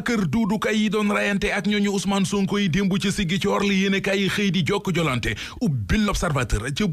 waa kër Duudu Kay yi doon rayante ak ñooñu Ousmane Sonko yi démb ci Sigicoor li yéene kaay yi xëy di jokk jolante ubbi l'Observateur ci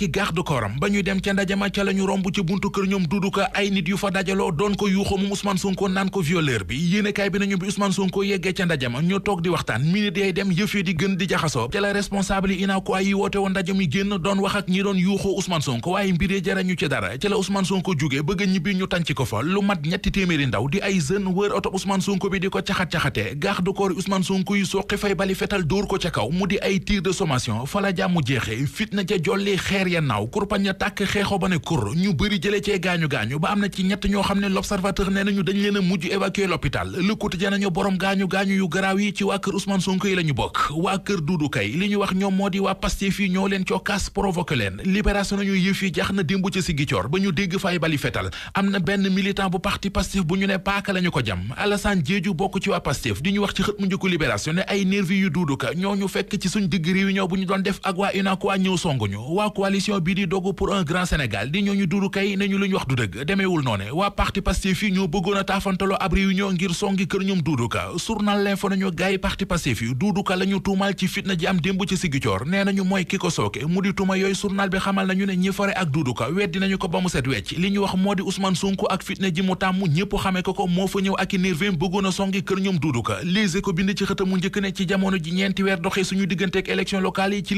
i garde corpsam ba ñuy dem ca ndaje ma ca la ñu romb ci buntu kër ñoom Duudu ay nit yu fa dajaloo doon ko yuuxoo moom Ousmane naan ko violeur bi yéene kaay bi nañu Ousmane Sonko yeggee ca ndajama ñu toog di waxtaan minute yay dem yëf di gën di jaxasoo ca la responsable yi yi woote woon ndajam génn doon wax ak ñi doon yuuxoo Ousmane Sonko waaye mbir jarañu ci dara ca la Ousmane Sonko jóge bëgg a ñibbi ñu tànc ko fa lu mat ñetti téeméeri ndaw di ay jeune wër oto Ousmane Sonko bi di ko caxat-caxatee garde du corps Ousmane Sonko yi soqi fay bali fetal dóor ko ca kaw mu di ay tir de sommation fa la jàmmu jeexe fitna ca jolli xeer ya naaw kurpañ ya ba ne ba am na ci ñett ñoo xam ne l'observateur a mujj ca nañu borom gaañu-gaañu yu garaaw yi ci waa kër Ousmane Sonko yi la bokk waa kër Doudou Kay li wax ñoom moo di waa Pastef yi ñoo leen cokkaas provoqué leen ñoo ngir songi kër ñu mbirum Doudou Ka journal nañu gars yi parti yi Doudou Ka la ci fitna ji am démb ci Sigicoor nee nañu mooy ki ko sooke mu di tuuma yooyu journal bi xamal nañu ne ñi ak Doudou weddi nañu ko ba mu set wecc li ñu wax moo di Ousmane Sonko ak fitna ji mu tàmm ñëpp xamee ko ko moo fa ñëw ak i nervem bëggoon a songi kër ñoom Doudou Ka ko bind ci xëtamu njëkk ne ci jamono ji ñeenti weer doxee suñu digganteek élection locale yi ci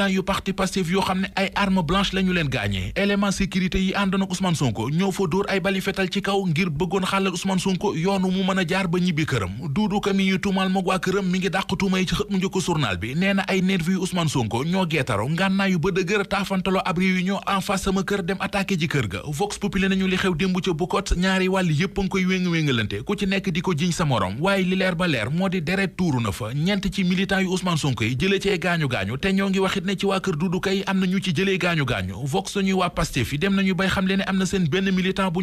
la arme blanche la ñu leen gaañee élément sécurité yi àndoon ak Ousmane Sonko ñoo fa dóor ay bali fetal ci kaw ngir bëggoon xàllal Ousmane Sonko yoonu mu mën a jaar ba ñibbi këram Doudou Ka mi ñu tuumaal mag waa këram mi ngi dàq tuuma yi ci xët mu njëkk bi nee na ay nervi yu Ousmane Sonko ñoo geetaro ngànnaayu ba dëgër taafantaloo ab réunion en face sama kër dem attaqué ji kër ga Vox Populi nañu li xew démb ca Bukot ñaari wàll yépp a ngi koy wéng wéngalante ku ci nekk di ko jiñ sa morom waaye li leer ba leer moo di na ñent ci militant yu Ousmane Sonko yi jëlee ci gaañu te ñoo ngi waxit ne ci waa kër Doudou Ka yi jëlee gaañu gaañu vox ñuy waa Pastef yi dem nañu bay xam le ne am na seen benn militant bu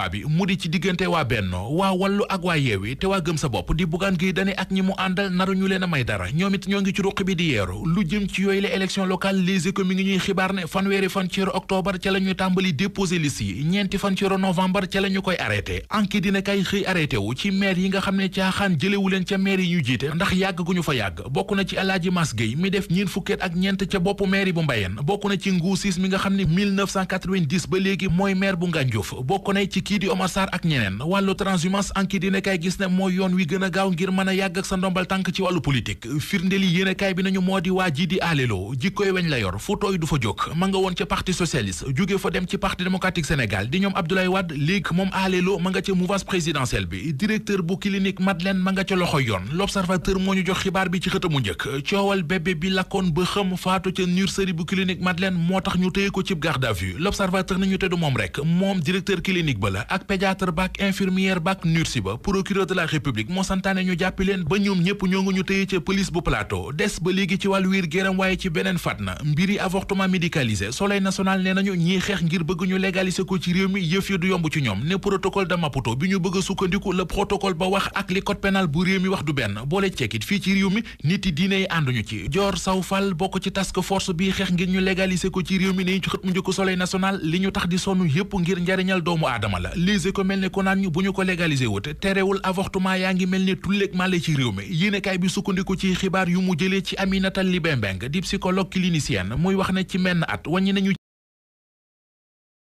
a di ci diggante waa may dara ñoom it ñoo lu jëm ci yooyu la élection locale les économies ngi ñuy xibaar ne fan fanweeri fan ci weeru octobre ca la ñuy tàmbali déposé liste yi ñeenti fan ci weeru ca la koy arrêté enquête dina kay xëy arrêté ci maire yi nga xam ne caaxaan jëlewu leen ca maire yi ñu jiite ndax yàgg gu ñu fa yàgg bokk na ci alaaji Mas Gueye mi def ñeen fukkeet ak ñeent ca bopp maire bu Mbayeen bokk na ci Nguu mi nga xam ne ba léegi mooy maire bu Ngandiouf bokk na ci kii di Omar Sarr ak ñeneen wàllu transhumance enquête dina kay gis ne mooy yoon wi gën a gaaw ngir mën a yàgg ak sa ndombal tànk ci wàllu politique firndeli yéene woon ca parti socialiste jóge fa dem ci parti démocratique Sénégal di ñoom Abdoulaye Wade léegi moom aalelo ma nga ca mouvance présidentielle bi directeur bu clinique Madeleine ma nga ca loxo yoon l'observateur moo ñu jox xibaar bi ci xët njëkk coowal bébé bi lakkoon ba xam faatu ca nurserie bu clinique Madeleine moo tax ñu téye ko cib garde à vue l'observateur nañu te moom rek moom directeur clinique ba la ak pédiatre ba ak infirmière ba ak soleil national nee nañu ñiy xeex ngir bëgg ñu légaliser ko ci réew mi yëf yi du yomb ci ñoom ne protocole de Maputo bi ñu bëgg a sukkandiku le protocole ba wax ak li code bu réew mi wax du benn boole cekkit fii ci réew mi nit yi diine yi ànduñu ci Dior Sow Fall bokk ci task force bi xeex ngir ñu légaliser ko ci réew mi ne ci xët mu njëkk national li ñu tax di sonn yëpp ngir njariñal doomu aadama la lise ko mel ne ko naan ñu bu ñu ko légaliser wut terewul avortement yaa ngi mel ne tulleeg màlle ci réew mi yéenekaay bi sukkandiku ci xibaar yu mu jëlee ci Aminata Libembeng di psychologue clinicienne muy wax ne ci menn at wàññi nañu